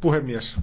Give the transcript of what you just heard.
puhemies